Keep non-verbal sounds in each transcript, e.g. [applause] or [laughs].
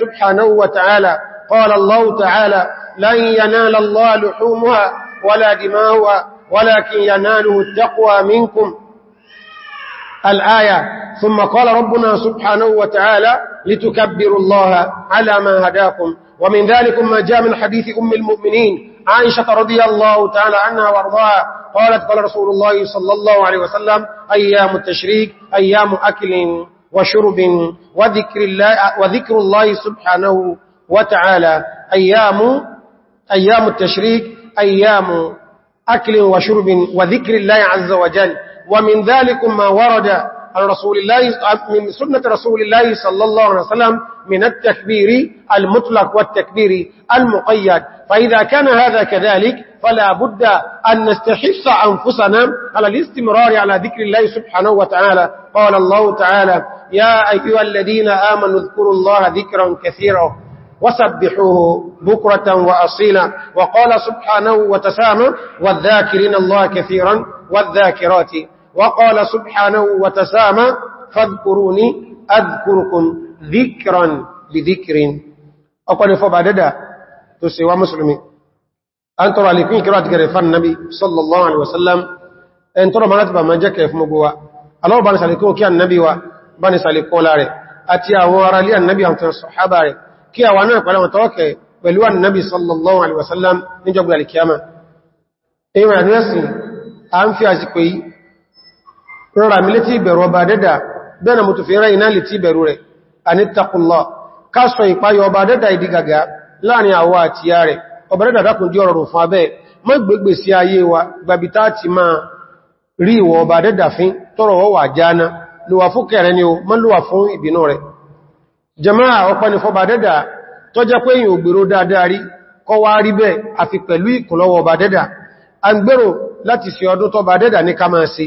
سبحانه وتعالى قال الله تعالى لن ينال الله لحومها ولا دماؤها ولكن يناله التقوى منكم الآية ثم قال ربنا سبحانه وتعالى لتكبروا الله على ما هداكم ومن ذلك ما جاء من حديث أم المؤمنين عائشة رضي الله تعالى عنها وارضاها قالت قال رسول الله صلى الله عليه وسلم أيام التشريك أيام أكل وشرب وذكر الله, وذكر الله سبحانه وتعالى أيام, أيام التشريك أيام أكل وشرب وذكر الله عز وجل ومن ذلك ما ورد الرسول رسول الله من سنة رسول الله صلى الله عليه وسلم من التكبير المطلق والتكبير المقيد فإذا كان هذا كذلك فلا بد أن نستحص أنفسنا على الاستمرار على ذكر الله سبحانه وتعالى قال الله تعالى يا أيها الذين آمنوا اذكروا الله ذكرا كثيرا وسبحوه بكرة وأصيلا وقال سبحانه وتسامى والذاكرين الله كثيرا والذاكرات وقال سبحانه وتسامى فاذكروني أذكركم ذكرا لذكر أقول فبعددا تسوى مسلمي أن ترى لكين كرات كريفان النبي صلى الله عليه وسلم أن ترى ما نتبع ما جاك يفمقوا الله بني سالكو كي النبي وبان سالكو لاري أتيا وارا لي النبي عن الصحابة كي أوانا قال وتوكي pẹ̀lú annabi sallallahu alaihi wasallam níjọgbà alìkiyama. Ewa ni ẹ̀sìn, a ń fi rọra mi létí ìbẹ̀rù ọba dẹ́dà bẹ́ẹ̀nà mo tó fi rẹ̀ iná létí ìbẹ̀rù rẹ̀ anítàkùnlọ kásọ ìpáyọ ọba dẹ́dà ìdígagà láàrin àwọ àti ya rẹ̀ ọba dẹ́dà dákùn jí ọ̀rọ̀ fún abẹ́ mọ́ gbégbè sí ayé wa gbàbítà ti máa rí ìwọ ọba jama'a ọpẹ́ ni fọba dẹ́dà tó jẹ́ pé èyàn ògbèrò dáadáa rí kọ wá rí bẹ́ẹ̀ àfi pẹ̀lú ìkùnlọ́wọ́ ọba dẹ́dà a ń ní ká máa ṣe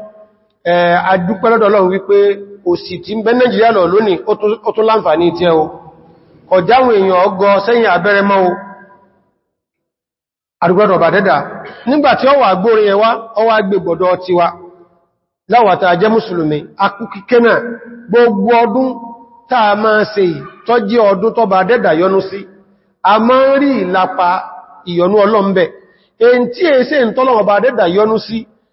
adúpẹ́lọ́dọ̀ Ọlọ́run wípé òsì ti ń bẹ Nàìjíríà lọ lónìí ó tún láǹfààní tí ẹ o ọjáwọn èèyàn ọgọ́ sẹ́yìn abẹ́rẹ mọ́ o àdúgbọ́dọ̀ bà dẹ́dà nígbàtí ọwà agbórin ẹwà ọwà agbègbọ̀dọ̀ ti wa láwàtà ajẹ́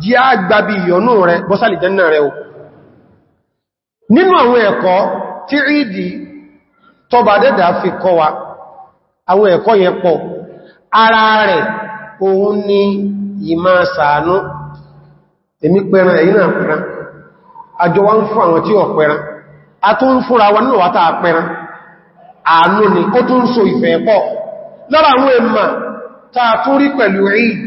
jí á gbàbí ìyọnú rẹ bọ́sàlì jẹ́nà rẹ o nínú àwọn ẹ̀kọ́ tí ìdí tọba dẹ́dà fi kọ wa àwọn yẹn pọ̀ ara rẹ̀ òun ni ìmá sàánú èmi pẹran ẹ̀yin náà àjọ wa ń fún àwọn tí a tó ń fúnra wa nínú wátà pẹran àánú ni ó tún so ìfẹ́ pọ̀ lára àwọn ẹ̀mà pẹ̀lú ìdí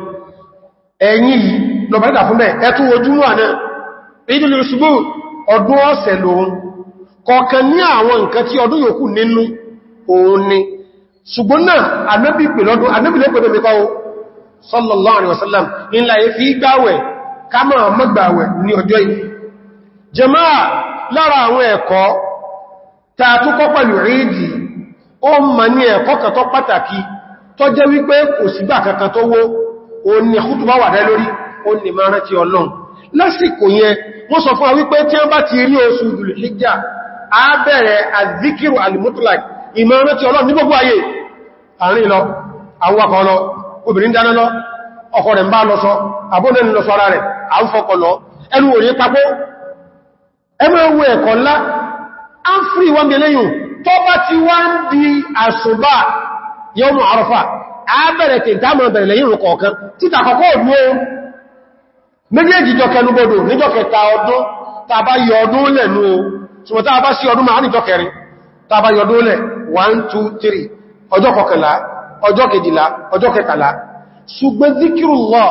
ẹ̀yìn yìí lọ́bàrídà fún bẹ́ẹ̀ ẹ̀tún ojúmọ́ àná ìdílé ṣubú ọdún ọ̀sẹ̀ lòun kọ̀ọ̀kan ní àwọn nǹkan tí ọdún yòókù nínú òun ni ṣùgbọ́n náà anábì pè lọ́dún sallallahu fi ma ní ẹ̀kọ́ kan tó pàtàkì tó o ní ẹ̀kútùbá wà rẹ lórí o ní máa rántí ọlọ́run lásìkò yẹn wọ́n sọ fún wa wípé tí wọ́n bá ti rí oṣù Dhul-Hijjah a bẹ̀rẹ̀ azikiru al-mutlaq ìmọ̀ rántí ọlọ́run ní gbogbo ayé àárín lọ àwọn akọ lọ obìnrin di àṣùbà yawmu Arafah àbẹ̀rẹ̀ tí ìtàmọ̀ bẹ̀rẹ̀ lẹ́yìn rùn kọ̀ọ̀kan títà kọ̀kọ́ òdúó méjèèjì jọ kẹnugbodò níjọ kẹta ọdún tàbá yọ ọdún lẹ̀ ní o ṣùgbọ́n tàbá sí ọdún máa níjọ kẹrin tàbá yọ ọdún lẹ̀ 1 2 3 ọjọ́ kọkànlá ọjọ́ kejìlá ọjọ́ kẹtàlá ṣùgbọ́n zikirullah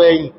ó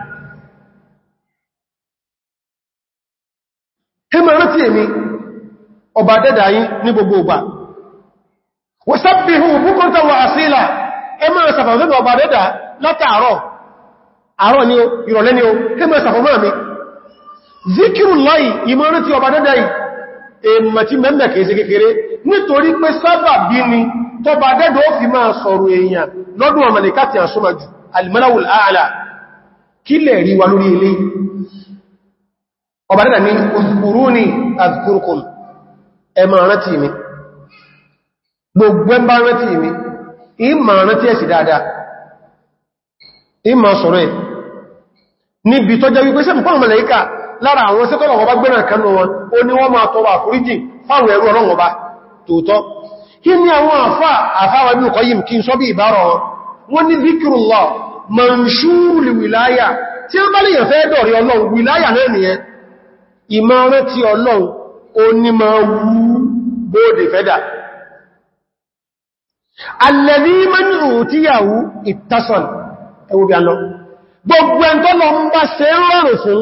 ma rántí èmi ọba dẹ́dà yín ní gbogbo ọba wọ́sàbíhù búkọ́ta wà àsílà ẹ máa sàfàfẹ́ ọba dẹ́dà látàárọ̀ àárọ̀ ni ìrọ̀lẹ́ ni ó ẹ máa sàfàfẹ́ mi zikiru láì ìmọ̀rántí ọba dẹ́dà yìí èmà tí mẹ́mẹ́ kèèsè kékeré nítorí pé sábà bí ni tọba dẹ́dọ̀ ó fi máa sọ̀rọ̀ èèyàn lọ́dún kí lẹ̀ rí lórí eléyìí ọba dẹ́dà ní uzkuruni azkurukum ẹ máa rántí mi gbogbo ẹmbá rántí mi ìmà rántí ẹ̀sì dáadáa ìmà sọ̀rọ̀ ẹ̀ níbi tó jẹ́ wípé sẹ́mù pọ́nmọ̀ lẹ́íkà lára àwọn sẹ́kọ̀lọ̀ ọba gbẹ́rẹ̀ kanú wọn ó ní ọba ìmọ̀ràn tí ọlọ́run ó ní ma wú bóòdè fẹ́dà alẹ́rí mẹ́nu tí yàwó ìtàṣàn ẹwọ́ bí a lọ gbogbo ẹn tó lọ ń bá ṣe rọrùn fún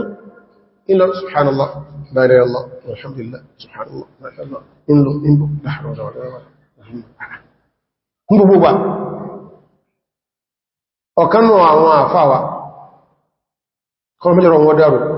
ilọ̀ subhanallah bẹ̀rẹ̀ Allah alhamdulillah subhanallah bẹ̀rẹ̀ Allah inú inú láàrùn ọ̀rọ̀ ọ̀rọ̀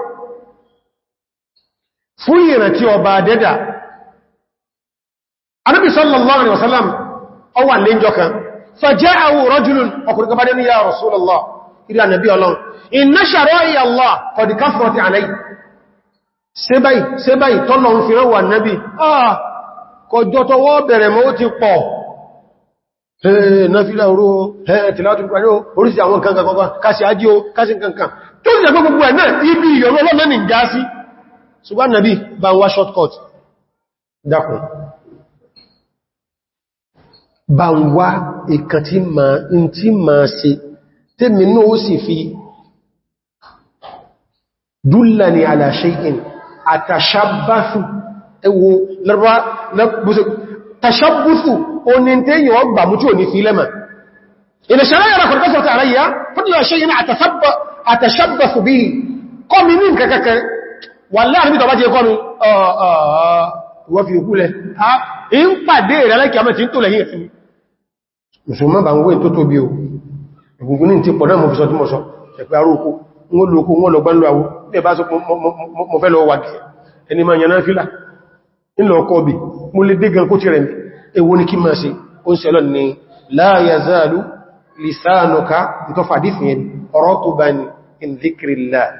fún ìrántí ọba dẹ́dà anábì sallallahu alaihi wasallam ó wà lẹ́jọ́ kan faja'ahu rajulun ọkùnrin kan bá dé ní ya Rasulullah ìrí ànàbí ọlọ́run inna shara'i Allah qad kafarat alayhi sẹ́bàì sẹ́bàì tọ́lọ ń fi ránwà nábi ah kọjọ́ tó wọ́ bẹ̀rẹ̀ mọ́ ó ti pọ̀ náfílà oró tìlátù pẹ̀lú orísìí àwọn kankan kankan kásì ájí o kásì kankan tó sì jẹ́ gbogbo ẹ̀ náà ibi ìyọ̀rọ̀ ọlọ́mẹ́ni já sí ṣùgbọ́n nàbí bá wá shortcut dákùn bá ń wá ìkàn tí ma ń tí ma ṣe tèmi náà ó sì fi dúlà ní ala shay'in àtàṣàbáfù ẹwọ lọ́rọ̀ tàṣàbúfù o ní tẹ́yìn ọgbà mú tí ò ní fi lẹ́mà ìlẹ̀ṣẹ̀rẹ́ yàrá kọ̀rọ̀kọ́ sọ̀tà àráyá fún ìlẹ̀ṣẹ́ yìí àtàṣàbáfù bí kọ́mi ní nǹkan kankan wà láàrin tó bá ti kọ́nu wọ́n fi òkú lẹ in pàdé rẹ̀ lẹ́kì àmẹ́ tí ń tó lẹ́yìn ẹ̀fún musulman bá ń wé tó tó bí o ìgbùngbùn ní ti pọ̀dá mọ̀ fi sọ tí mọ̀ sọ ẹ̀pẹ́ aróko wọ́n lóko wọ́n lọ́gbọ́n lọ́wọ́ tẹ́ bá sọ mọ̀ fẹ́ lọ wà gẹ̀ ẹni máa yànà fílà nílọ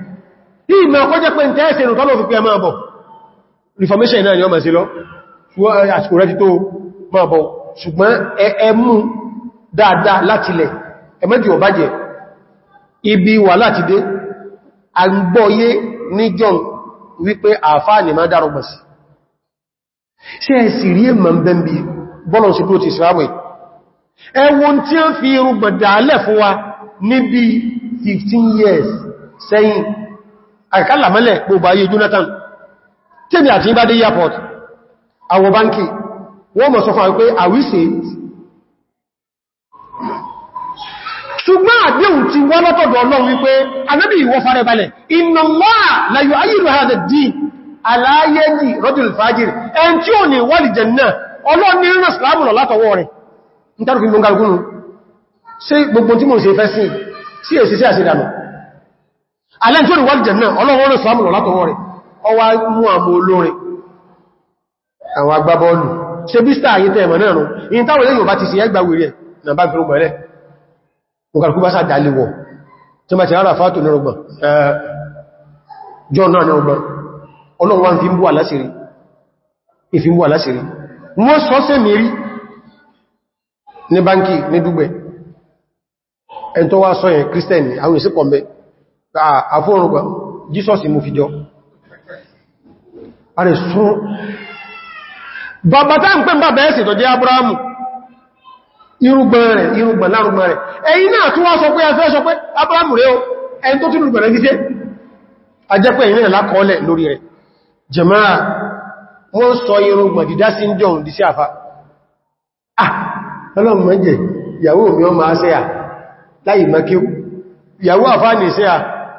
ìmọ̀ ọkọ́jẹ́ pé ń tẹ́ẹ̀sẹ̀ ìrùn tọ́lọ̀ fífẹ́ máa bọ̀. reformation náà ni ọmọ sí lọ àsìkò rẹ̀ tító máa bọ̀ ṣùgbọ́n ẹmú dáadáa látilẹ̀ ẹmẹ́jì ọba jẹ ibi wà láti dé a ń gbọ́yé ní john wípé àfáà ni máa dárọgbà sí ṣe ẹ sì rí èmà ń bẹ́ bí bọ́lọ̀n sí tó ti ìsìláwẹ̀ ẹwọ́n tí ó fi irúgbọ̀dà alẹ́ fún 15 years sẹ́yìn àkàlà mẹ́lẹ̀ gbogbo ayé Jonathan tèmi àti ìbádé airport àwọ̀ báńkì wọ́n mọ̀ sọ fún àwọn pé àwíṣẹ́ ṣùgbọ́n àdéhùn ti wọ́n lọ́tọ̀dọ̀ Ọlọ́run wípé anábì ìwọ fara balẹ̀ inna Allah la yu'ayyidu hadha ad-din ala yadi rajul fajir ẹn tí ò ní wal jannah Ọlọ́run ní rán ìsìlámù lọ látọwọ́ rẹ̀ ní tàbí gbogbo gbogbo tí mo ṣe fẹ́ sí sí èsì sí àṣìdànà alẹ́ntíwòrì wà jẹ̀ náà ọlọ́run rẹ̀ sọ́mùlọ látọwọ́ rẹ̀ ọwá mú àmò olórin àwọn agbábọ́ọ̀lù ṣe bí star ayé tẹ́ẹ̀mọ̀ náà rùn in táwọn èèyàn bá ti sí ẹgbà wèrè náà bá gbẹ̀rùgbà ma ti rárá fàátò nírùgbọ̀n john náà nírùgbọ̀n ọlọ́run wọ́n fi ń bú àlásìrí wọ́n sọ sí mẹ́rí ní báńkì àwọn ìsìnkọ̀ mẹ́ àfóòrùgbà jesus mú fìjọ a rẹ̀ sún bàbá tá ń pè bàbá ẹ̀sì tó jẹ́ Abrahamu irúgbọ̀n rẹ̀ irúgbọ̀n lárúgbọ̀n rẹ̀ ẹ̀yìn náà tó wá sọ pé ẹfẹ́ sọ pé Abrahamu rẹ̀ ẹni tó tún rúgbọ̀n rẹ̀ gíṣẹ́ a jẹ́ pé ìrìnlẹ̀ lákọọ́lẹ̀ lórí rẹ̀ jẹ̀máà wọ́n sọ irúgbọ̀n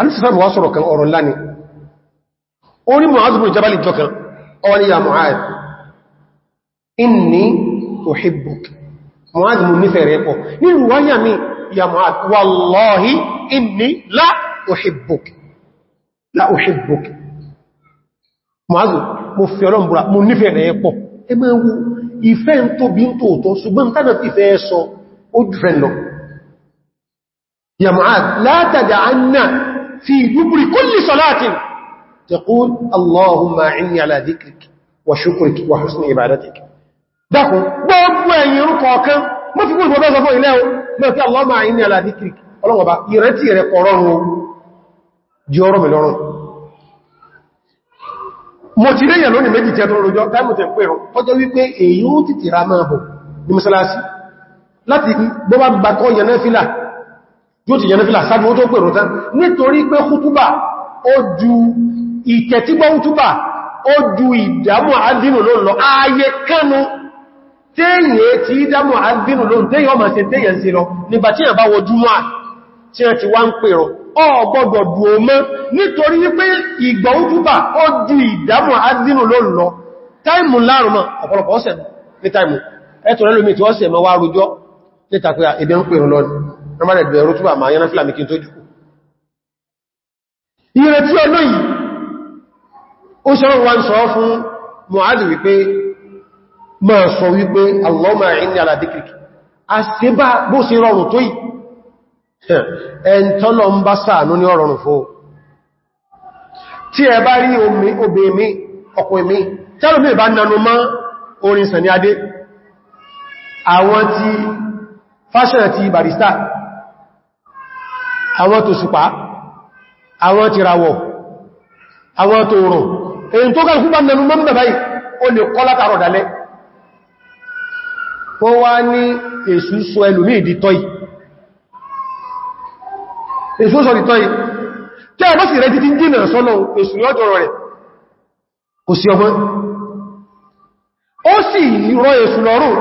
alìsìsàmù wá sọ̀rọ̀ kan ọ̀rọ̀ ńlá ni ó ní Mu'adh bin Jabal ìjọ kan ó ní ya Mu'adh inni uhibbuk Mu'adh mú nífẹ̀ẹ́ rẹ̀ pọ̀ ní ìrùwáyà mi ya Mu'adh wallahi inni la uhibbuk la uhibbuk Mu'adh mo fi ọlọ́mbùra mo nífẹ̀ẹ́ في دبر كل صلاة تقول اللهم عني على ذكرك وشكرك وحسن عبادتك داكو gbogbo ẹ̀yìn rúkọ kan mọ́ fi gbogbo bẹ́ẹ̀ sọ fún ilẹ̀ mọ́ fi allahumma عني على ذكرك ọlọ́wọ́ bá ìrántí rẹ̀ kọ̀rọ̀rùn jí ọrọ̀ mi lọ́rùn mo ti lẹ́yìn lónìí méjì tí ẹ̀tọ́ rojọ́ dáìmọ̀tẹ̀ pẹ̀rọ ọjọ́ wípé èyí ó tìtìra máa bọ̀ ní mọ́sálásí láti gbọ́bá gbàkọ́ yẹnẹ́fílà yóò ti yẹn fílà sáàbí ó tó pèrò tán nítorí pé hútúbà ó ju ìtẹ̀tígbọ́ hútúbà ó ju ìdámọ̀ àdínù ló lọ ààyè kánú téèyè tí ìdámọ̀ àdínù ló téèyè ọmọ sí téèyè sí lọ nígbà tí ẹ̀bá wọ júmọ́ tí ẹ ti wá ń pèrò ọ gbọ́dọ̀ dù ó mọ́ nítorí wípé ìgbọ̀ hútúbà ó ẹ̀tọ̀rẹ́lómi tí wọ́n sì ẹ̀mọ́ wá rújọ́ nítakúyà ìbẹ̀ ń pèrò lọ́nìí nọ́bàrẹ̀ bẹ̀rẹ̀ rútúbà máa yánà fìlàmì kí n tó jùkú ìrètí ọlọ́ yìí ó ṣe wọ́n wọ́n sọ fún Mu'adh wípé ma sọ wípé Allahumma inni ala dhikrika a ṣe bá bó ṣe rọrùn tó yìí ẹn tọ́lọ ń bá sáànú ní ọ̀rọ̀rùn fó tí ẹ bá rí obè mi ọkùn mi tẹ́lù àwọn tó ṣùpá àwọn tìràwọ̀ àwọn tó rùn èyí tó kàrùkú bá mẹ́nu mọ́mọ̀ báyìí o lè kọ́ látàrọ̀ dalẹ́ wọ́n wá ní èsù sọ ẹlùmí ìdítọ́ì èsù sọ ìdítọ́ì tí a bá sì rẹ̀ títí dínà sọ́nà èsù ní ọjọ́ rẹ̀ kò sí ọgbọ́n ó sì rọ èsù lọ́rùn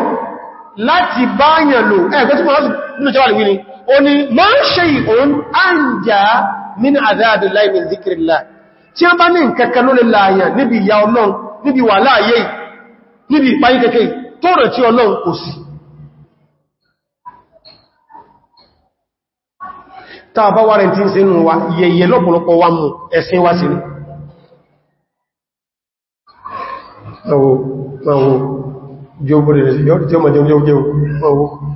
láti báyàn lò ẹgbẹ́ tí wọ́n lọ́sùn nínú jẹ́ ó ní máa ń ṣe ìhún áǹjá min àdáàdì láì min zikirillah tí a bá ní nǹkankan ló lè láàyà níbi ìyà ọlọ́run níbi wà láàyè níbi ìpáyí kẹ́kẹ́ tó rẹ̀ tí ọlọ́run kò sí táà bá wárẹ̀ tí ń se nù wa yẹ̀yẹ ọwọ́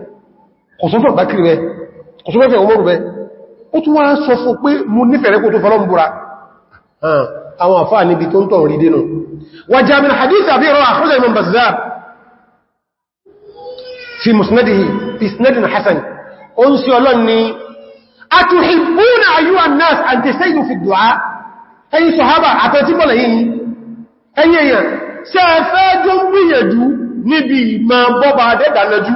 kọ̀sọ́fẹ́ bákìrì rẹ̀ kọ̀sọ́fẹ́ ọmọrù rẹ̀ ó tún wá sọ fún pé mú nífẹ̀ẹ́ kó tó fọ́lọ́m búra àwọn àfáà níbi tó ń tọ̀ rí dínú wàjá min hadith àbí rọ àkúrẹ́ imam bazzar fi musnadihi fi snadin hasan ó ń sí ọlọ́n ni atuhibbuna ayyuha an-nas an tasayidu fi du'a ayi sahaba atati bola yin ayi eyan se fe jo gbiyeju níbi ma boba de dalaju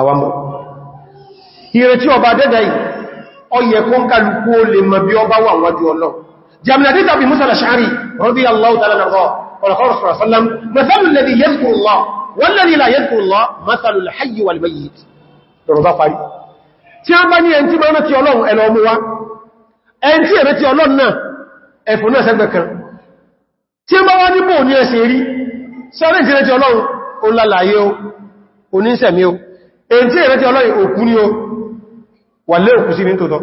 àwàmọ̀ ìrètí ọba dẹ́dẹ̀ yìí ọyẹ kó ń kálukú ó lè mọ̀ bí ọba wà wájú ọlọ́ jàmìnàdí tàbí musa al-ash'ari radiyallahu ta'ala anhu qala qala rasulullah sallallahu alaihi wasallam mathalu alladhi yadhkuru Allah walladhi la yadhkuru Allah mathalu al-hayyi wal-mayyit lọ́rọ̀bá parí tí a bá ní ẹn tí ma rántí ọlọ́run ẹ̀lọ ọmọ wá ẹn tí ẹ̀rẹ́ tí ọlọ́run èyí tí ìrètí ọlọ́yìn òkú ní o wà lé òkú sí ní tòótọ́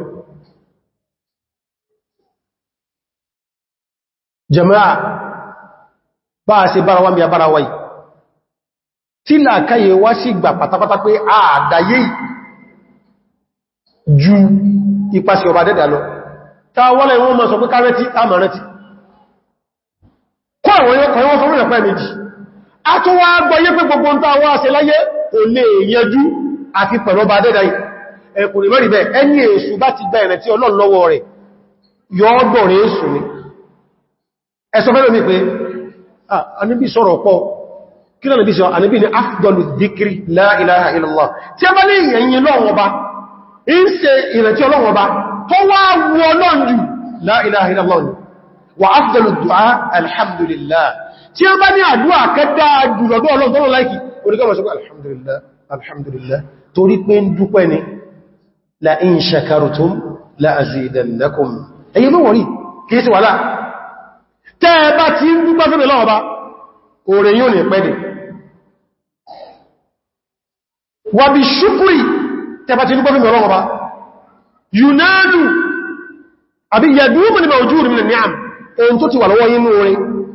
jama'a bá a ṣe bára wá mi àbára wáyìí tí làkáyè wá sí gbà pátápátá pé àdáyé ju ipasẹ̀ ọba dẹ́dà lọ ta wọ́lẹ̀ wọ́n mọ́ sọ pé kárẹ́tí àmàrántí kọ́ àwọn ẹ̀kọ́ ẹwọ́n sọ mẹ́rin pẹ́ méjì a tó wá gbọ́yé kò lè yẹjú àti pẹ̀lú ọba dẹ́dàí ẹ̀kùn lè mẹ́rin bẹ́ ẹni èṣù bá ti gba ẹ̀rẹ̀ tí Ọlọ́run lọ́wọ́ rẹ̀ yọ́ọ̀dọ̀rẹ̀ èṣù ni ẹsọ fẹ́lẹ̀ mi pé ah, àníbí sọ̀rọ̀ pọ̀ kí náà níbi sọ àníbí ni afdọlù díkiri la ilaha illallah tí a bá lè yẹ̀yìn lọ́wọ́ wa afdọlù du'a alhamdulillah tí a bá ní àdúwà kẹta jùlọ̀dọ́ ọlọ́dọ́lọ́ láìkì oríkọ́ mọ̀sọ́kọ́ alhamdulillah alhamdulillah torí pé ń dúpẹ́ ni la in shakartum la azidannakum ẹ̀yẹ mọ́ wọ̀rí kìí sí wàlá tẹ́ bá ti ń dúpẹ́ fẹ́ lọ́ọ̀bá oòrè yóò ní pẹ́ wa bi shukri tẹ́ bá ti ń dúpẹ́ fẹ́ lọ́ọ̀bá yunadu àbí yadúmù ni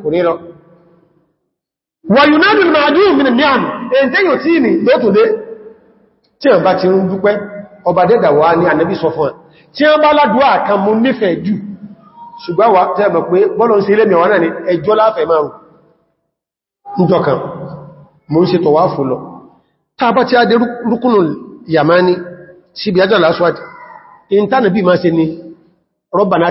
kò ní lọ wàyùnánù màájú ìmìnà ní àmì èyí tí yóò tí ní tó tòdé tí a bá ti ń dúpẹ́ ọba dẹ́dàwà ní ànábì sọ fún ẹ̀ tí a bá ládùá kan mú nífẹ̀ẹ́ jù ṣùgbọ́n wà tẹ́ mọ̀ pé bọ́lọ̀ ń ṣe ilé tá a bá ti adé rúkúnù yàmání síbi ajọ́ láswájì in tánàbí máa ṣe ni rọ́bà náà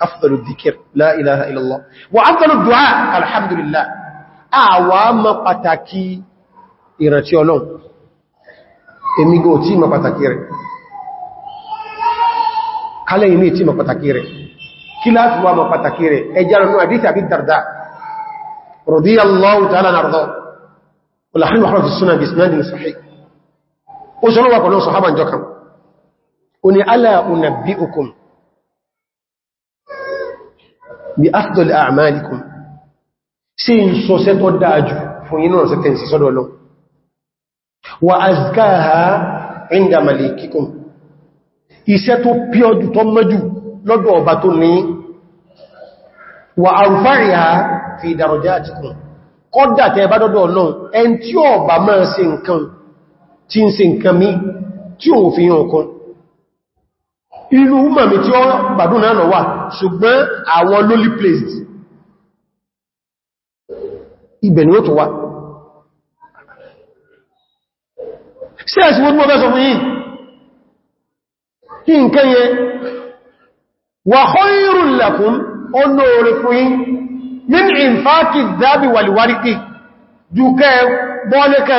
afdal dhikr la ilaha illallah wa afdal du'a alhamdulillah àwa mọ̀ pàtàkì ìrántí Ọlọ́hun èmi go tí mọ̀ pàtàkì rẹ̀ kale imi tí mọ̀ pàtàkì rẹ̀ kilas wa mọ̀ pàtàkì rẹ̀ e jaro nu hadith abi darda radiyallahu ta'ala narda wala hanu ahlu sunnah bi isnad sahih o jolo wa ko sahaba njokan oni ala unabbiukum bí afdal a'malikum sí ń sọ sẹ́ tó dáájú fún inú ọ̀sẹ̀ tẹ́ǹsì sọ́dọ̀ lọ wa azkaha inda malikikum iṣẹ́ tó píọ̀jù tó mọ́jù lọ́dọ̀ ọba tó ní wa arfa'iha fi darajatikum kọ́dà tẹ́ bá dọ́dọ̀ náà ẹn tí ọba máa ṣe nǹkan tí ń ṣe nǹkan mí tí òun fi hàn kan inú húnmà mi tí ó bàdún náà wà ṣùgbọ́n àwọn lowly placed ibẹ̀ ni ó tó wà ṣe ẹ̀sìn wọ́n mọ́ bẹ́ sọ fún yìí kí nǹkan yẹ wà khairul lakum ọ̀nà orí fún yìí min infaqi dhabi wal warqi jù kẹ́ bọ́ọ̀lẹ́kẹ́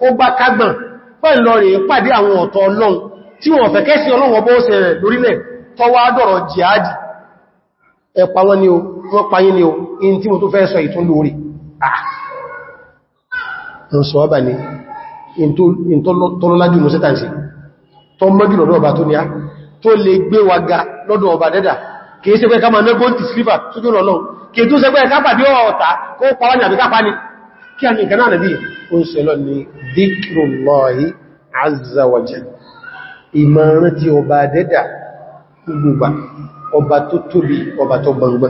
kó gbá kágbọ̀n pẹ́lọ rẹ̀ pàdé àwọn ọ̀tọ̀ ọlọ́run tí wọ́n fẹ́ kẹ́sí ọlọ́run ọbọ́ ṣe rẹ̀ lórílẹ̀ tọwọ́ adọ̀rọ̀ jihadi ẹ̀pà wọn ni o wọ́n payé ni o in tí mo tó fẹ́ sọ ìtún lórí kìí ṣe pé ká ma nẹ́gbọ́n ti sílífà tó jùlọ lọ́wọ́ kìí tó ṣe pé ká pàdé ọ̀ọ̀ta kó pàwọ́ ní àbíká pa ní kí a ní ìkanáà nàbí oúnṣẹ́lọ ni dhikrullahi azza wa jalla ìmọ̀ràn tí ọba dẹ́dà gbogbo ọba tó tóbi ọba tó gbangba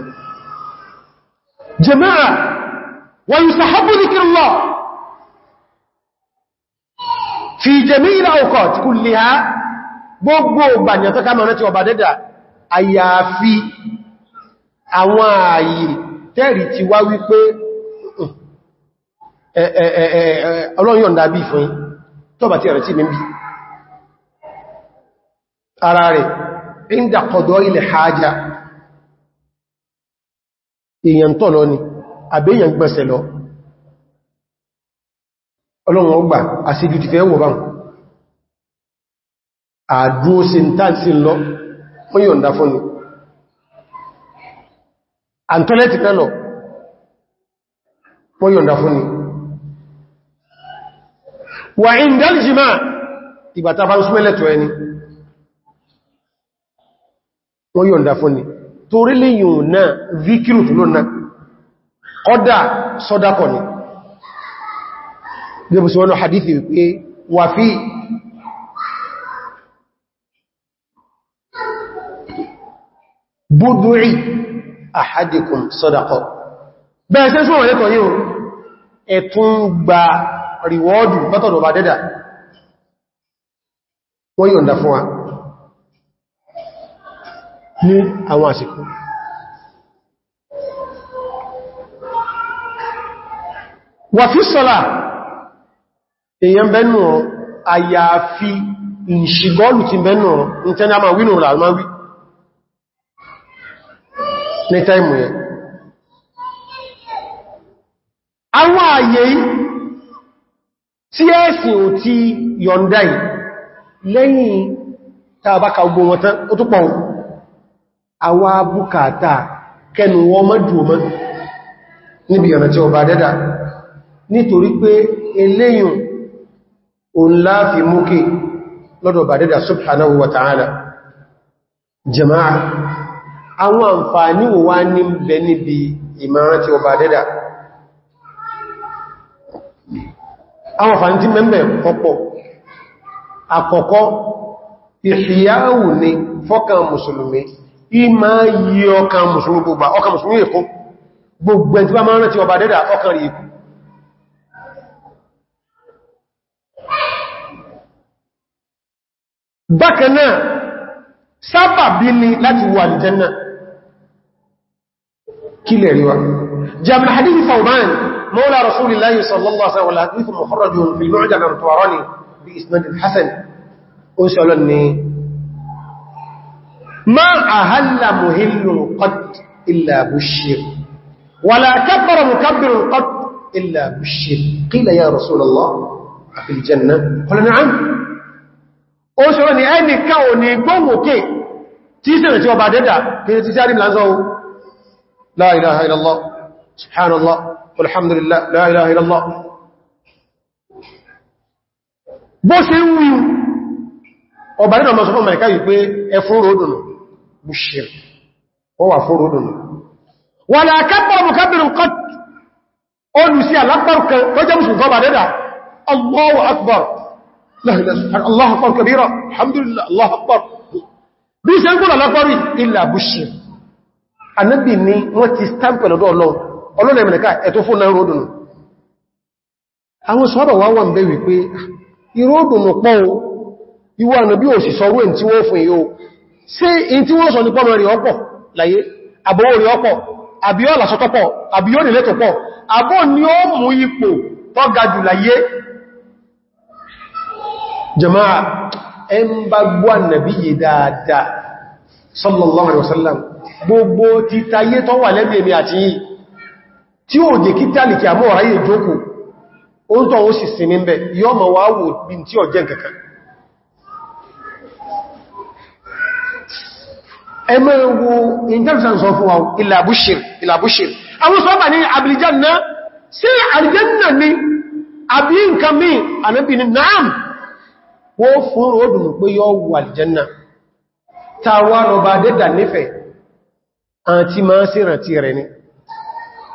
jama'a wa yusahabu dhikrullah fi kulliha gbogbo ọba ni ọ̀tọ́ká mọ̀ràn ọba tẹ́rì ti wá wípé ọlọ́run yọ̀ ǹdàbí fún yí tọ́bà tí ẹ̀rẹ̀ tí mímí ara rẹ̀ inda ilẹ̀ hajjá èèyàn tọ́ lọ ni àbẹ́yàn gbẹ̀sẹ̀ lọ ọlọ́run ọgbà àṣíjú ti fẹ́ wọ̀ bá àdúró sí ń tàn sí lọ wọ́n yọ̀ ǹdà fún ni àntọ́lẹ́tì kan lọ wọ́n yọ̀ fún ni wà ìndẹ́lìjìmá ìgbàta bá ń súnmẹ́lẹ̀ tó ẹni wọ́n yọ̀nda fún ni torí léyìn náà vikiru tó lónà kọ́dà sọ́dákọ̀ ni gẹ́bù sí wọnà hadithi wípé wà fi búdúrí àhádìkùn sọ́dákọ̀ bẹ́ẹ̀ sẹ́sùn wọ̀n yíò ẹ̀tún gba rìwọ́ọ̀dù látọ̀dọ̀ bá dẹ́dà wọ́n yọ̀nda fún wa ní àwọn àsìkò wà fí sọ́lá èyàn bẹ́nu ọ̀rọ̀ fi ìṣìgọ́lù ti bẹ́nu ọ̀rọ̀ ní máa wínú wí ní tí ẹ̀sì ò ti yọ̀ndá ì lẹ́yìn tàbákà ogun wọn tán ó tó pọ̀ àwọn abúkàtà kẹnu wọn mọ́dù ọmọ níbi ọ̀nà tí ọba dẹ́dà nítorí pé eléyìn láàfi múkè lọ́dọ̀ ọba dẹ́dà jama'a ní àwọn fàntí mẹ́mẹ́ ọ̀pọ̀ àkọ́kọ́ ìhìyàwó ni fọ́kàn mùsùlùmí ìmá yí ọkàn mùsùlùmí gbogbo ọkàn mùsùlùmí èkó gbogbo ẹ̀ntí bá máa rántí ọba dẹ́dà ọkàn rí ikú bákanáà sábàbí ni láti wà ní jẹ́nà kílẹ̀ ríwá jàmìlì hadith Thawban مولى رسول الله صلى الله عليه وسلم والحديث محرج في المعجم الطوراني بإسناد الحسن أسألني ما أهل مهل قد إلا بشر ولا كبر مكبر قد إلا بشر قيل يا رسول الله في الجنة قال نعم أسألني أني كوني قوكي تيسنة وبعد ذلك كي تساري ملازو لا إله إلا الله سبحان الله والحمد لله لا إله إلا الله bó ṣe ń wí ọba nínú ọmọ sọpọ̀ mẹ́ká yìí pé ẹ fóró dùnù bùṣìr ó wà fóró dùnù wà náà kápọ̀rọ̀ mọ̀kábìnrin kọ́ olùsí alápọ̀rọ̀kẹ́ tó jẹ́ musulun kọba dẹ́dà allahu akbar allahu akbar kabira alhamdulillah allahu ọlọ́nà ìmìnìká ẹ̀tọ́ fún náà ròdùnù àwọn sọ́bọ̀ wá wọ́n bẹ̀ wípé ìròdùnù pọ́ ìwọ ànàbí ò sì sọrú ẹ̀ tí wọ́n fún yíó sí in tí wọ́n sọ ní pọ́mọ̀ rí ọpọ̀ láyé àbọ̀wọ̀ rí ọpọ̀ àbíọ́là sọ́tọ́pọ̀ ni ó mú ipò tó ga jù láyé jama'a ẹ sallallahu alaihi wasallam gbogbo títayé tó wà lẹ́bẹ̀ẹ́mí tí ó jẹ kí tààlì kí àmọ́ ọ̀ráyè jókò ó ń tọ́ ó sì sinmi bẹ̀ yọ́ ma wá wò bí tí ó jẹ́ nǹkankan ẹmọ́ ewu intelligence sọ fún wa ìlàbúṣìr ìlàbúṣìr àwọn sọ́bà ní àbìlìján náà sí àrìjẹ́nà ni àbí nǹkan mí ànábì ni náà wọ́n fún ròdùn pé yọ́ wà àrìjẹ́nà tàwa rọ̀bà dẹ́dà nífẹ̀ẹ́ àti máa sí ìrántí rẹ̀ ni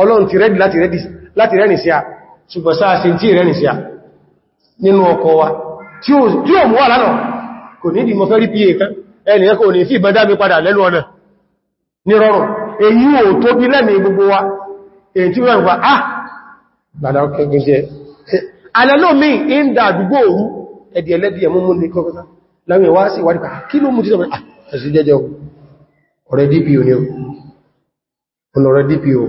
ọlọ́run ti rẹ́dì láti rẹ́rìn sí a ṣùgbọ́n sáà sí tí rẹ́rìn sí a nínú ọkọ̀ wa tí ó mú wà lánàá kò ní ìdìmọ̀ fẹ́ rí pa kan ẹnìyàn kò ní sí ìbẹ́dá mi padà lẹ́nu ọ̀nà ní rọrùn èyí ò tó bí lẹ́mì gbogbo wa èyí tí wọ́n wà á ah! gbàdá ọkẹ́gbẹ́ jẹ́ alẹ́lómi ń da àdúgbò òru ẹ̀dì ẹlẹ́dì ẹ̀mú mú ní kọ́kọ́ta láwọn ìwá sí ìwádìí kí ló mú títọ̀ ah, ọ̀rẹ́ DPO ni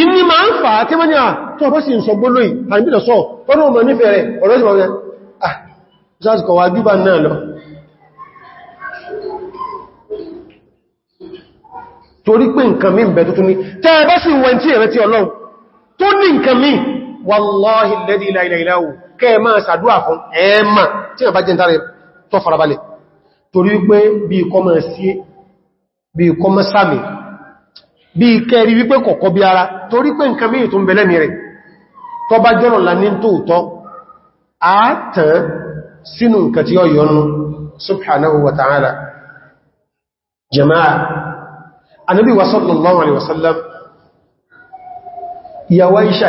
ìní ma ń fà á tí wọ́n ni à tó ọ̀pọ̀ sí ìṣọ́ gbóló yìí àìbìdọ̀ sọ ọ̀nà ọmọ nífẹ̀ẹ́ rẹ̀ ọ̀rọ̀ ìṣọ́ ọ̀rẹ́ ṣásìkọ̀ wà júbà náà lọ torí pé nǹkan mí bẹ̀ tuntun ni tẹ́ẹ̀bẹ́ sí ìwọ̀n tí ẹ̀rẹ́ tí ọlọ́run tó ní nǹkan mí wàláhì lẹ́dí ìlàìlàìláwò kẹ́ẹ̀ máa sàdúà fún ẹ̀ẹ́mà tí ẹ̀bá jẹ́ ìtàrẹ tó farabalẹ̀ torí pé bí bí kẹrí wípé kọ̀kọ́ bí ara torí pé nǹkan mí tó ń bẹ̀lẹ́ mi rẹ̀ tó bá jọ́nà lá ní tóòtọ́ àátàn sínú nǹkan tí ó yọnu subhanahu wa ta'ala jama'a anabi wa sallallahu alaihi wasallam yawa isha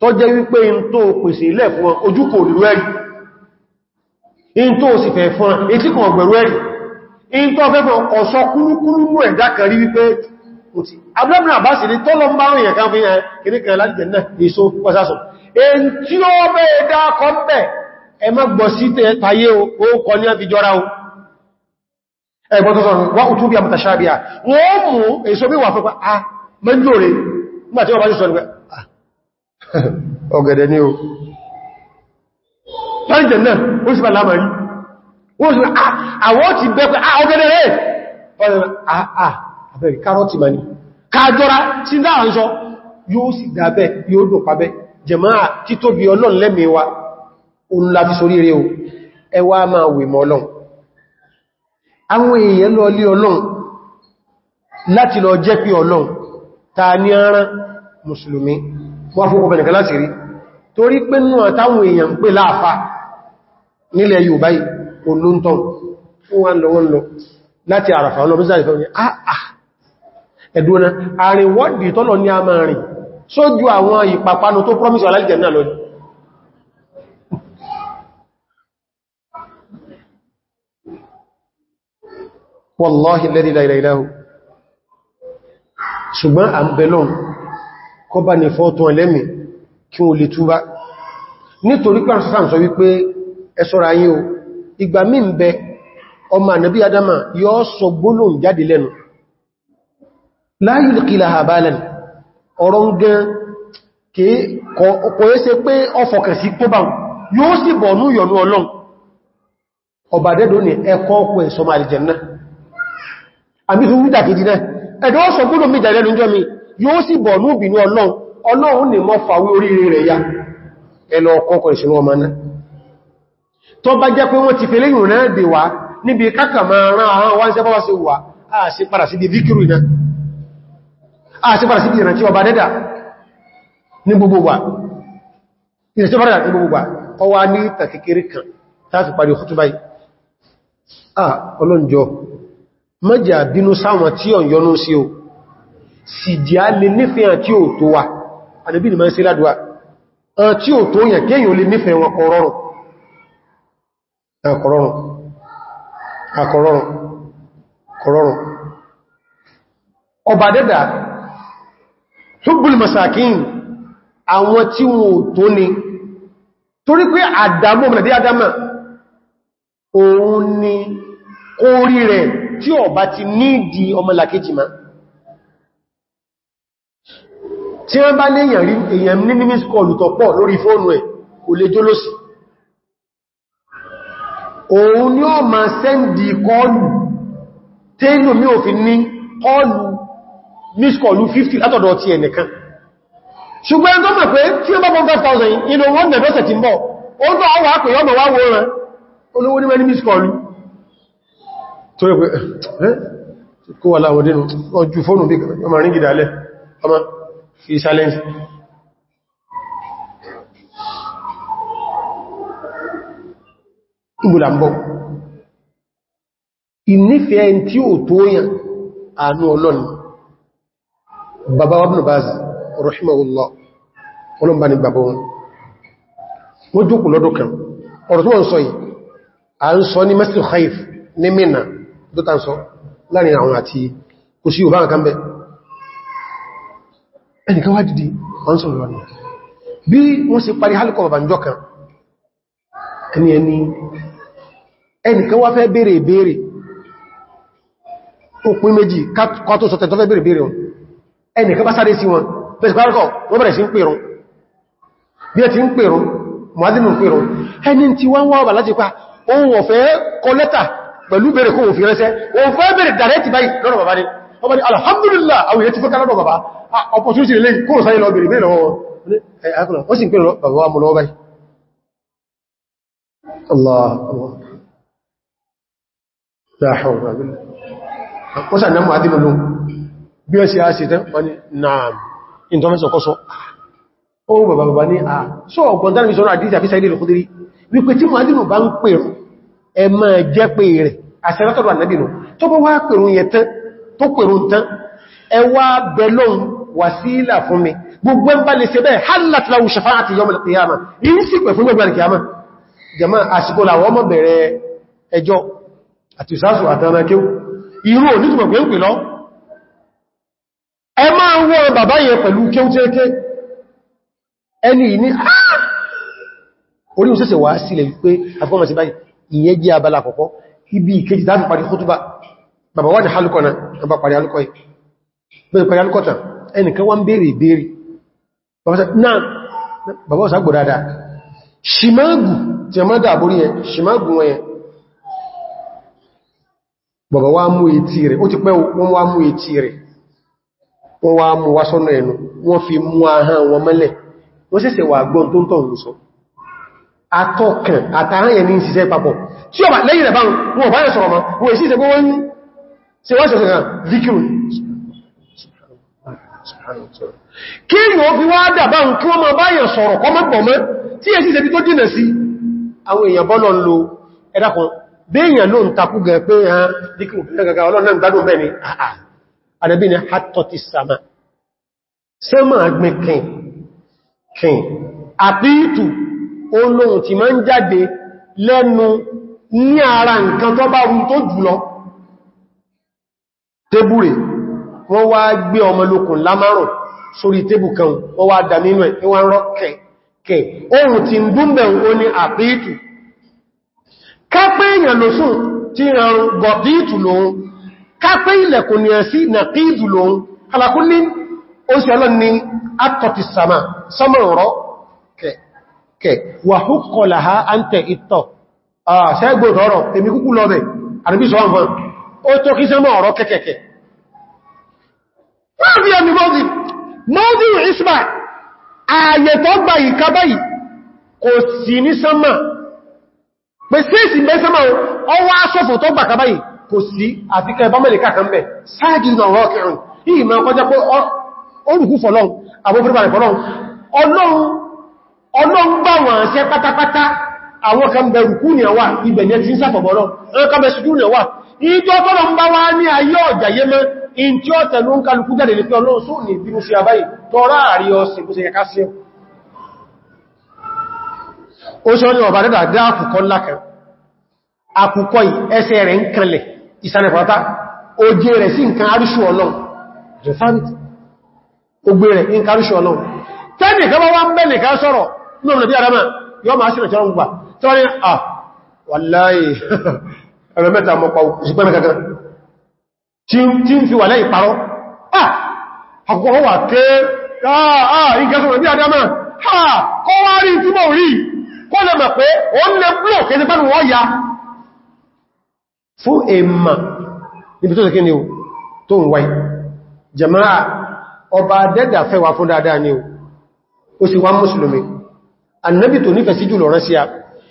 tó jẹ́ wípé in tó pèsè ilẹ̀ fún wọn ojú kò lú ẹ̀rì in tó sì fẹ́ fún wọn etí kan ọgbẹ̀rú ẹ̀rì in tó fẹ́ fún ọ̀ṣọ́ kúrúkúrú mú ẹ̀dá kan rí wípé òtí abúlẹ́bìnà ah, bá sì ní tọ́lọ ẹgbọ́n tó sọ̀rọ̀ wọ́n tún bí àmàtàṣà bí i à wọ́n mú èso a mẹ́jọ́ rẹ̀ nígbàtí wọ́n bá jù [laughs] ọ̀gẹ̀dẹ̀ ni o lọ́nìjẹ̀ náà ó sì bá lámà rí wọ́n sì ah, àwọ́ ti bẹ́ pẹ́ ah, ọ̀gẹ̀dẹ̀ rẹ̀ ọ̀rẹ̀ ah, àbẹ̀rẹ̀ kárọ́tì ma ní kájọ́ra sí dáàrùn-ún yóò sì dábẹ́ yóò dùn pàbẹ́ jẹ̀máà títóbi ọlọ́n lẹ́mìíwa òun láti sorí rẹ̀ o ẹwà máa wè ta ní ara mùsùlùmí wọ́n fún ọkọ̀ nìkan láti rí torí pé nínú àtàwọn èèyàn ń pè láàfá nílẹ̀ Yorùbá olóntọ́ wọ́n lọ wọ́n lọ láti àràfà lọ mẹ́sàrí fẹ́ ẹ̀dùnà àrìnwọ́dì tọ́lọ ní a máa rìn sójú àwọn ìpàpánu tó promise aláìjẹ̀ náà lọ wallahi alladhi la kọ́ bá ní fọ́ọ̀tún ẹlẹ́mì kí tuba lè túbá nítorí pàrọ̀ sọ́sàn sọ wípé ẹ̀ṣọ́ra yín o ìgbà mí ń bẹ ọmọ ànàbí adama yọ́ sọ gbólóhùn jáde lẹ́nu la yulqilaha balan ọ̀rọ̀ gan kò é pé ọfọ̀kàn sí tó bá yóò sì bọ̀ ní ìyọ̀nú ọlọ́run ọba ẹ̀dọ́ sọ mi jáde jọ́ mi yóò sì bọ̀ ní ìbínú ọlọ́run ọlọ́run ni mọ́ fàwí oríire rẹ̀ ya ẹlọ ọkọ̀ọ̀kọ̀ ìṣẹ́wọ́ ọmọ náà tó bá jẹ́ pé wọ́n ti fẹ́lẹ́ ìrùn náà dè wá níbi kákà máa rán àwọn wá sí wà di díkìrù iná á sì padà sí di ìrántí ọba dẹ́dà ní gbogbo wa ìrántí ọba dẹ́dà ní gbogbo wa ọ ah ọlọ́njọ́ mọ́jà bínú sáwọn tí ọ̀yọ́nú sí fìdí á lè nífẹ̀ẹ́ àti ò tó wà àdébí ni máa ń ṣe ládùá àti ò tó yẹn kéèyàn lè nífẹ̀ẹ́ wọn kọ̀rọ̀rùn kọ̀rọ̀rùn ọba dẹ́dà hubbul masakin àwọn tí wọn ò tó ni torí pé àdámọ́ ọmọdé ọba ti nídi ọmọlàkejì máa tí wọ́n bá lè yàn rí èyàn ní ní mískọlù tó pọ̀ lórí fóònù ẹ̀ kò lè jó lóṣì òun ni ó ma sẹ́ndì kọlù tẹ́lù mí òfin ní kọlù 50 látọ̀dọ̀ ti ẹnìkan ṣùgbọ́n tó pé tí wọ́n bá bọ́ bọ̀ ó tó àwọ̀ àpè ọmọ olówó fi silence ìgbòlà ń bọ̀ ìnífẹ́ ẹn tí ó tó yàn àánú ọlọ́ni bàbá wa Ibn Baz rahimahullah ọlọ́mbà ni bàbá wọn wọ́n jókù lọ́dún kan ọ̀rọ̀ tó wọ́n sọ yìí a ń sọ ní masjid Khaif ní Mina dótà ń sọ láàrin àwọn àti kò sí ò bá nǹkan bẹ́ẹ̀ ẹnìkan wá dìde wọ́n sọ̀rọ̀ ni bí wọ́n sì parí hálùkọ̀ ọ̀bànjọ́ kan ẹni ẹni ẹnìkan wá fẹ́ béèrè ìbéèrè òpin méjì kọ́ tó sọ̀tẹ̀ tó fẹ́ béèrè ìbéèrè wọn ẹnìkan bá sáré sí wọn pẹ̀lú bẹ̀rẹ̀ kó òfin rẹ́sẹ́ òun fẹ́ bẹ̀rẹ̀ dàrẹ́tì báyìí lọ́rọ̀ bàbá ni ọba ni alhamdulillah àwọn èyẹ ti fẹ́ kánádọ̀ bàbá opportunity lè kúrò sáyé lọ́bìnrin mẹ́rin lọ́wọ́ ó sì ń pèrò bàbá mú lọ́wọ́ báyìí Allah wípé tí mọ̀ adínú bá ń pèrò ẹ̀mọ̀ jẹ́ pé rẹ̀ àṣẹ́lọ́tọ̀lọ́ ànàbìnú tó bọ́ wá pèrò yẹ̀ tán tó pèrò tán ẹwà bẹ̀lọ́n wàsílà fún mi gbogbo ń bá lè ṣe bẹ́ẹ̀ hallat lahu shafa'ati yawm al-qiyamah yìí sì pẹ̀ fún gbogbo alìkìyàmà jẹma àsìkò làwọn ọmọ bẹ̀rẹ̀ ẹjọ́ àti ìsáàsù àtàràkéw irú onítùmọ̀ pé ń pè lọ ẹ máa ń ah! wọ́n abala àkọ́kọ́ ibi ìkejì tàbí parí kútúbà bàbá wà ní halukọ̀ náà bá parí halukọ̀ yìí bẹ́ẹ̀ parí halukọ̀ tàn ẹnìkan wá ń bèèrè ìbèèrè bàbá ọ̀sá gbò dáadáa ṣìmáàgù tí a máa dàbórí ẹ ṣìmáàgù wọn yẹn bàbá wá mú etí rẹ̀ ó ti pẹ́ wọ́n wá mú etí rẹ̀ wọ́n wá mú wá sọ́nà ẹnu wọ́n fi mú ahán wọn mẹ́lẹ̀ wọ́n ṣẹ̀ṣẹ̀ wà gbọ́n tó ń tọ̀ ń sọ atọ́kàn àtàhán yẹn ní ṣiṣẹ́ papọ̀ tí ọba lẹ́yìn rẹ̀ bá wọn bá yẹ sọ̀rọ̀ mọ́ wọ́n èsì ìṣẹ́gbọ́n wọ́n sí wọ́n ṣẹ̀ṣẹ̀ náà zikiru kí yíò fi wá dàbá ń kí wọ́n ma báyàn sọ̀rọ̀ kọmọ́gbọ̀mọ́ tí èsì ìsẹ̀bí tó dínà sí àwọn èèyàn bọ́lọ̀ ń lo ẹ̀dàkùn béèyàn ló ń takú gẹ̀ pé ha zikiru gẹ́gẹ́gẹ́ ọlọ́nà gbádùn sama ah, ah. sẹ́mà gbin kìn kìn àpíìtù olóhun ti máa ń jáde lẹ́nu ní ara tébù rẹ̀ wọ́n wá gbé ọmọ lókùn lámárùn sórí tébù kan wọ́n wá dà nínú ẹ̀ wọ́n rọ́ kẹ̀kẹ̀ ohun ti ń dúnbẹ̀ ó ní àpíìtù kápẹ́ èèyàn ló sùn tí rọrùn gọ̀díìtù lòun kápẹ́ ilẹ̀kùn ní ẹ̀sí nàkíìtù lòun alákúnlé ó sì ọlọ́ ni ke sàmà sọmọ̀rọ̀ ha ń tẹ̀ ìtọ̀ sẹ́gbò rọrọ̀ èmi kúkú lọ bẹ̀ àrùbí ó tó kí sẹ́mọ̀ ọ̀rọ̀ kẹ́kẹ́kẹ́ ráàbí ẹni mọ́dí mọ́dí ìsìnbà ààyè tó gba ìka báyìí kò sí ní sánmà pèsè ìsìnbẹ̀ sánmà ọwọ́ aṣọ́fò tó gbà kábáyìí kò sí àfikẹ́ ìbámẹ́lẹ̀ kàkà mẹ́ sáàgì àwọn kan bẹ̀rùkú ni àwà ibẹ̀ ni ẹ ti ń sàfọ̀bọ̀ náà ẹ̀kọ́ bẹ̀ ṣùgbọ́n ni àwà ìjọ tọ́lọ ń bá wá ní ayé ọ̀jà yé mẹ́ in tí ó tẹ̀lú ń kalùkú jáde lè pé ọlọ́run só ní ìbínú sí àbáyì tọ́rọ àrí ọsìn kó se yẹ ká sí ó ṣe ọ́nà ọ̀bá dẹ́dà dá àkùkọ́ lákẹ̀ àkùkọ́ ẹsẹ̀ rẹ̀ ń kanlẹ̀ ìsànẹ̀fàtà oje rẹ̀ sí [laughs] ẹ̀rọ mẹ́ta mọ́pa òṣìpẹ́ mẹ́kẹ́kẹ́ tí ń fi wà lẹ́yìn parọ́ ah! àkọ́kọ́ wà ké àà ah, ah, ìgẹ́sọ̀rọ̀ bí adámà ha kọ́ wá rí tí mọ̀ rí kọ́ lẹ́mà pé ó ń lẹ blò kéde pẹ́lú wọ́n ya fún èèmà níbi tó tẹ́kẹ́ ni o tó ń wáyé jama'a ọba dẹ́dà fẹ́ wà fún dáadáa ni o ó sì wá mùsùlùmí annabi tó nífẹ̀ẹ́ sí jùlọ rán sí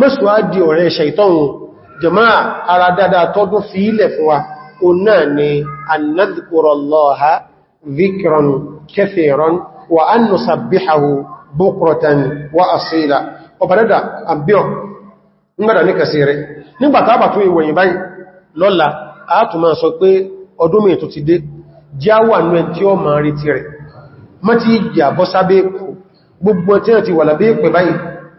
mọ́sùwádìí ọ̀rẹ́ ṣẹ̀tọ́run jẹmáà ara dáadáa tọ́dún fi ilẹ̀ fún wa o náà ni annadhkurallaha dhikran kathiran wa an nusabbihahu bukratan wa asila ọ̀bàdádà àbíọ̀ nígbàdà ní kàsìrẹ̀ nígbàtà bàtú ìwòyìn báyìí lọ́la àátùmá sọ pé gbogbo tí wọ́n wà lábẹ́ pẹ̀ báyìí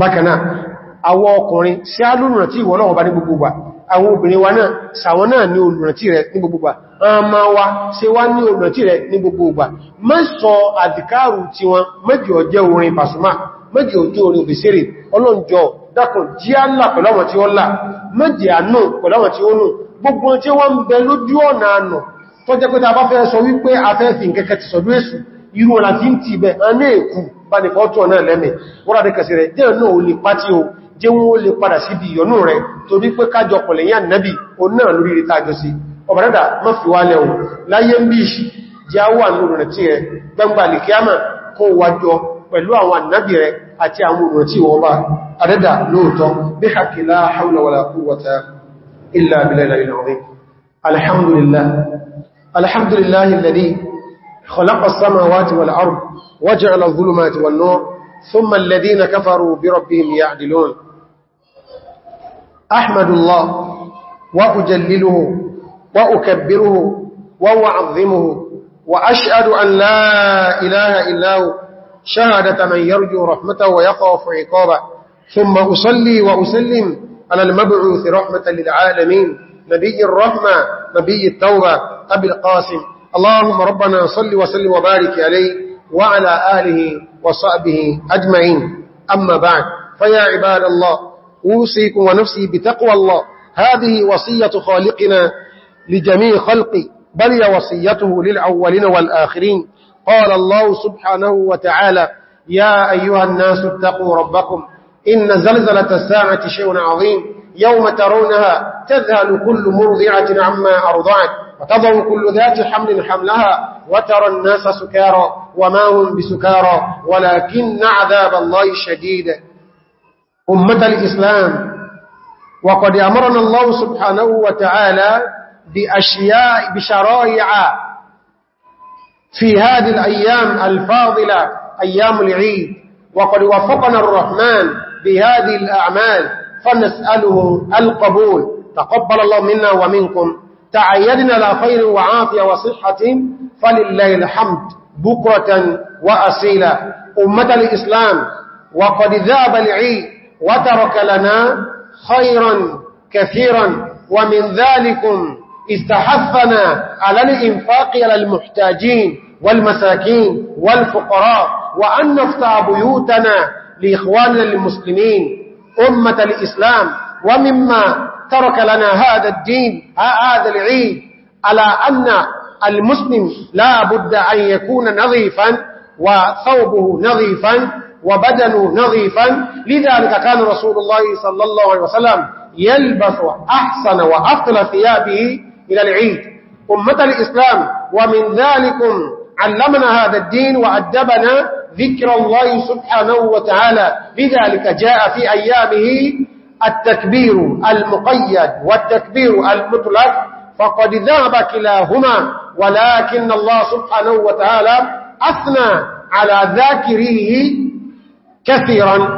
bákaná àwọn ọkùnrin sí alúrùnàtí ìwọ̀ náà bá ní gbogbogbà àwọn obìnrin wa náà sàwọn náà ní olùràntí rẹ̀ ní gbogbogbà ọmọ wa ṣe wá ní olùràntí rẹ̀ ní gbogbogbà má sọ àdìkáàrù tí wọn méjì ọjẹ́ orin pàṣùmá méjì ọjẹ́ orin òbìsẹ́rẹ̀ ọlọ́njọ́ dákùn jí àlà pẹ̀lọ́wọ̀ tí ó là méjì àánú pẹ̀lọ́wọ̀ tí ó nù gbogbo tí irú ọ̀nà tí ń ti ibẹ̀ ané èkú bá ní pọ́tù ọ̀nà lẹ́mẹ̀ wọ́n rẹ̀ kẹsì rẹ̀ jẹ́ náà ó lè pàtí o jẹ́ wọ́n lè padà sí ibi ìyọnú rẹ̀ torí pé kájọ pọ̀lẹ̀ yà nẹ́bì o náà lórí rí tàjọ sí ọ̀bàdàdà má fi wá lẹ́wọ̀ láyé ń bí ìṣì jẹ́ wà lórí rẹ̀ tí rẹ̀ gbẹ́ngbà lè kíámà kó wájọ pẹ̀lú àwọn ànábì rẹ̀ àti àwọn خلق السماوات والأرض وجعل الظلمات والنور ثم الذين كفروا بربهم يعدلون أحمد الله وأجلله وأكبره وأعظمه وأشهد أن لا إله إلا هو شهادة من يرجو رحمته ويخاف عقابه ثم أصلي وأسلم على المبعوث رحمة للعالمين نبي الرحمة نبي التوبة أبي القاسم اللهم ربنا صل وسلم وبارك عليه وعلى آله وصحبه أجمعين أما بعد فيا عباد الله أوصيكم ونفسي بتقوى الله هذه وصية خالقنا لجميع خلقي بل وصيته للأولين والآخرين قال الله سبحانه وتعالى يا أيها الناس اتقوا ربكم إن زلزلة الساعة شيء عظيم يوم ترونها تذهل كل مرضعة عما أرضعت وتضع كل ذات حمل حملها وترى الناس سكارى وما هم بسكارى ولكن عذاب الله شديد أمة الإسلام وقد أمرنا الله سبحانه وتعالى بأشياء بشرائع في هذه الأيام الفاضلة أيام العيد وقد وفقنا الرحمن بهذه الأعمال فنسأله القبول تقبل الله منا ومنكم تعيدنا لخير وعافية وصحة فلله الحمد بكرة وأسيلة أمة الإسلام وقد ذاب العي وترك لنا خيرا كثيرا ومن ذلك استحفنا على الإنفاق على المحتاجين والمساكين والفقراء وأن نفتع بيوتنا لإخواننا المسلمين أمة الإسلام ومما ترك لنا هذا الدين هذا العيد على أن المسلم لا بد أن يكون نظيفا وثوبه نظيفا وبدنه نظيفا لذلك كان رسول الله صلى الله عليه وسلم يلبس أحسن وأفضل ثيابه إلى العيد أمة الإسلام ومن ذلكم علمنا هذا الدين وأدبنا ذكر الله سبحانه وتعالى لذلك جاء في أيامه التكبير المقيد والتكبير المطلق فقد ذهب كلاهما ولكن الله سبحانه وتعالى أثنى على ذاكره كثيرا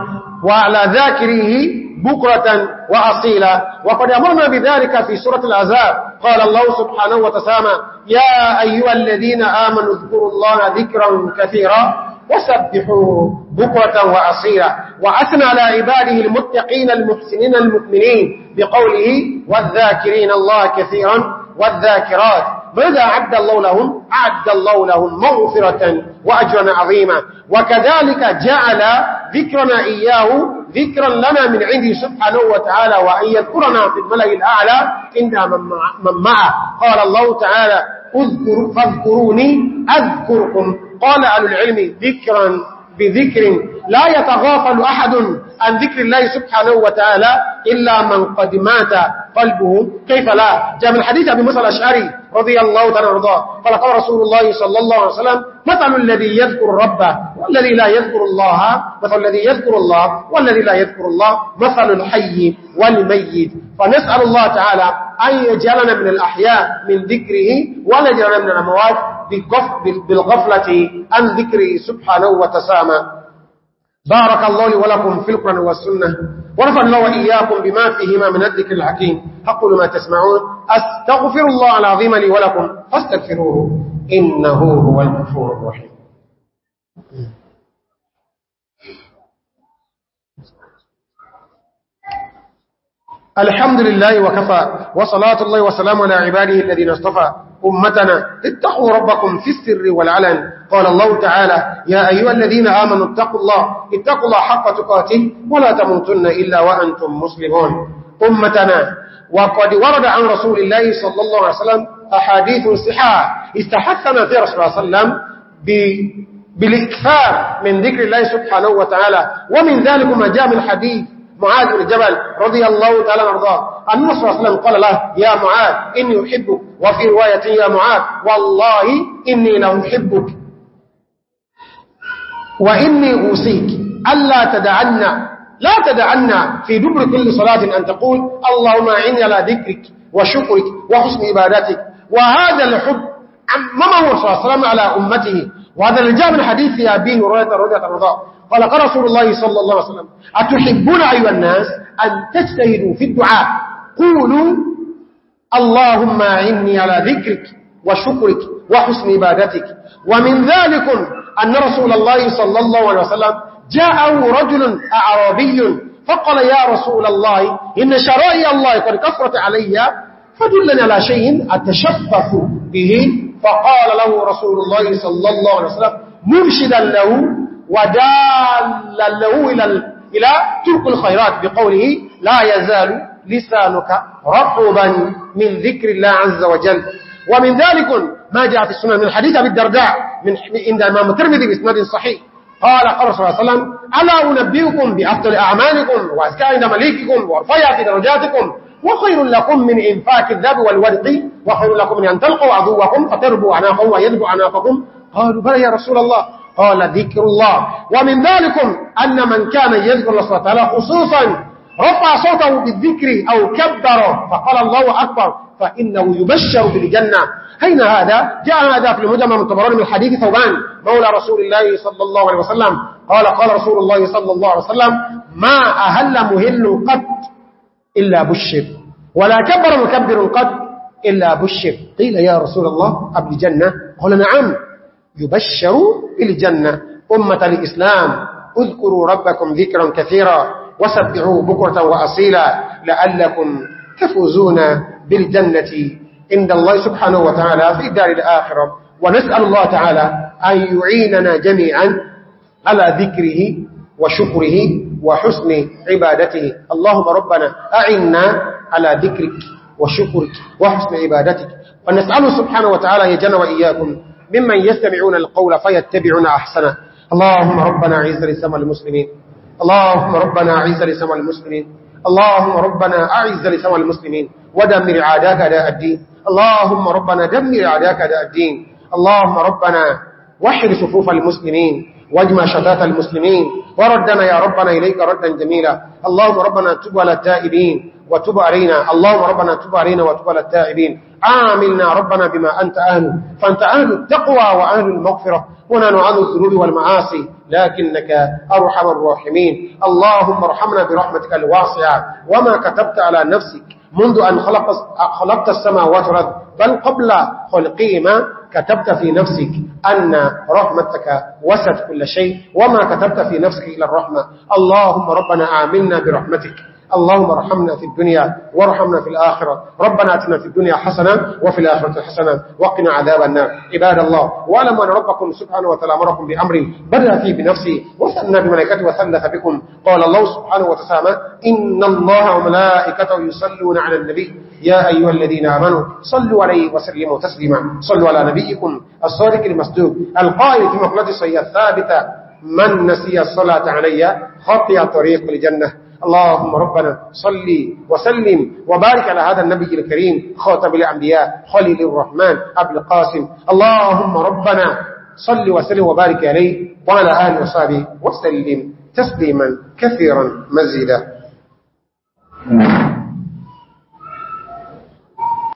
وعلى ذاكره بكرة وأصيلا وقد أمرنا بذلك في سورة العذاب قال الله سبحانه وتسامى يا أيها الذين آمنوا اذكروا الله ذكرا كثيرا وسبحوه بكرة وأصيلا وأثنى على عباده المتقين المحسنين المؤمنين بقوله والذاكرين الله كثيرا والذاكرات فإذا أعد الله لهم أعد الله لهم مغفرة وأجرا عظيما وكذلك جعل ذكرنا إياه ذكرا لنا من عنده سبحانه وتعالى وأن يذكرنا في الملأ الأعلى إنا من معه قال الله تعالى أذكر فاذكروني أذكركم قال أهل العلم ذكرا بذكر لا يتغافل أحد عن ذكر الله سبحانه وتعالى إلا من قد مات قلبه كيف لا جاء من حديث أبي موسى الأشعري رضي الله تعالى رضا قال قال رسول الله صلى الله عليه وسلم مثل الذي يذكر ربه والذي لا يذكر الله مثل الذي يذكر الله والذي لا يذكر الله مثل الحي والميت فنسأل الله تعالى أن يجعلنا من الأحياء من ذكره ولا يجعلنا من الأموات بالغفلة عن ذكره سبحانه وتسامى بارك الله لي ولكم في القرآن والسنة ورفع الله وإياكم بما فيهما من الذكر الحكيم أقول ما تسمعون أستغفر الله العظيم لي ولكم فاستغفروه إنه هو المفور الرحيم الحمد لله وكفى وصلاة الله وسلام على عباده الذين اصطفى أمتنا اتقوا ربكم في السر والعلن قال الله تعالى يا أيها الذين آمنوا اتقوا الله اتقوا الله حق تقاته ولا تموتن إلا وأنتم مسلمون أمتنا وقد ورد عن رسول الله صلى الله عليه وسلم أحاديث صحاء استحثنا في رسول الله صلى الله عليه وسلم بالإكثار من ذكر الله سبحانه وتعالى ومن ذلك ما جاء من حديث معاذ بن جبل رضي الله تعالى عنه النبي صلى الله عليه وسلم قال له يا معاذ إني أحبك وفي رواية يا معاذ والله إني لأحبك وإني أوصيك ألا تدعنا لا تدعنا في دبر كل صلاة أن تقول اللهم أعني على ذكرك وشكرك وحسن عبادتك وهذا الحب عممه صلى الله عليه وسلم على أمته وهذا الجاء من حديث يا أبي هريرة رضي الله قال قال رسول الله صلى الله عليه وسلم أتحبون أيها الناس أن تجتهدوا في الدعاء قولوا اللهم أعني على ذكرك وشكرك وحسن عبادتك ومن ذلك أن رسول الله صلى الله عليه وسلم جاءه رجل أعرابي فقال يا رسول الله إن شرائي الله قد كفرت علي فدلني على شيء أتشفف به فقال له رسول الله صلى الله عليه وسلم مرشدا له ودالا له إلى إلى ترك الخيرات بقوله لا يزال لسانك رطبا من ذكر الله عز وجل ومن ذلك ما جاء في السنة من حديث أبي الدرداء من عند إمام الترمذي بإسناد صحيح قال قال صلى الله عليه وسلم ألا أنبئكم بأفضل أعمالكم وأزكاء عند مليككم وارفيع في درجاتكم وخير لكم من إنفاك الذب والورق وخير لكم من أن تلقوا عدوكم فتربوا عناقهم ويذبوا عناقكم قالوا بلى يا رسول الله قال ذكر الله ومن ذلكم أن من كان يذكر الله سبحانه وتعالى خصوصا رفع صوته بالذكر أو كبر فقال الله أكبر فإنه يبشر بالجنة أين هذا؟ جاء هذا في المجمع من من حديث ثوبان مولى رسول الله صلى الله عليه وسلم قال قال رسول الله صلى الله عليه وسلم ما أهل مهل قد إلا بشر ولا كبر مكبر قد إلا بشر قيل يا رسول الله أبل جنة قال نعم يبشر بالجنة أمة الإسلام اذكروا ربكم ذكرا كثيرا وسبحوه بكرة وأصيلا لعلكم تفوزون بالجنة عند الله سبحانه وتعالى في الدار الآخرة ونسأل الله تعالى أن يعيننا جميعا على ذكره وشكره وحسن عبادته اللهم ربنا أعنا على ذكرك وشكرك وحسن عبادتك ونسأل سبحانه وتعالى يجن وإياكم ممن يستمعون القول فيتبعون أحسنه اللهم ربنا عز لسمى المسلمين اللهم ربنا أعز لسوى المسلمين اللهم ربنا أعز لسوى المسلمين ودمر عاداك داء الدين اللهم ربنا دمر عاداك داء الدين اللهم ربنا وحر صفوف المسلمين واجمع شتات المسلمين وردنا يا ربنا إليك ردا جميلا اللهم ربنا تب على التائبين وتب علينا اللهم ربنا تب علينا وتب على التائبين عاملنا ربنا بما أنت أهل فأنت أهل التقوى وأهل المغفرة هنا عن الذنوب والمعاصي لكنك أرحم الراحمين اللهم ارحمنا برحمتك الواسعة وما كتبت على نفسك منذ أن خلق خلقت السماوات والأرض بل قبل خلقهما كتبت في نفسك أن رحمتك وسط كل شيء وما كتبت في نفسك إلى الرحمة اللهم ربنا آمنا برحمتك اللهم ارحمنا في الدنيا وارحمنا في الآخرة ربنا اتنا في الدنيا حسنة وفي الآخرة حسنة وقنا عذاب النار عباد الله وألم أن ربكم سبحانه وتعالى امركم بأمر بدأ فيه بنفسه وثنى بملائكته وثلث بكم قال الله سبحانه وتعالى إن الله وملائكته يصلون على النبي يا أيها الذين آمنوا صلوا عليه وسلموا تسليما صلوا على نبيكم الصادق المصدوق القائل في مخلطة الثابتة من نسي الصلاة علي خطي طريق الجنة اللهم ربنا صلي وسلم وبارك على هذا النبي الكريم خاتم الأنبياء خليل الرحمن أبل القاسم اللهم ربنا صل وسلم وبارك عليه وعلى آله وصحبه وسلم تسليما كثيرا مزيدا نعم.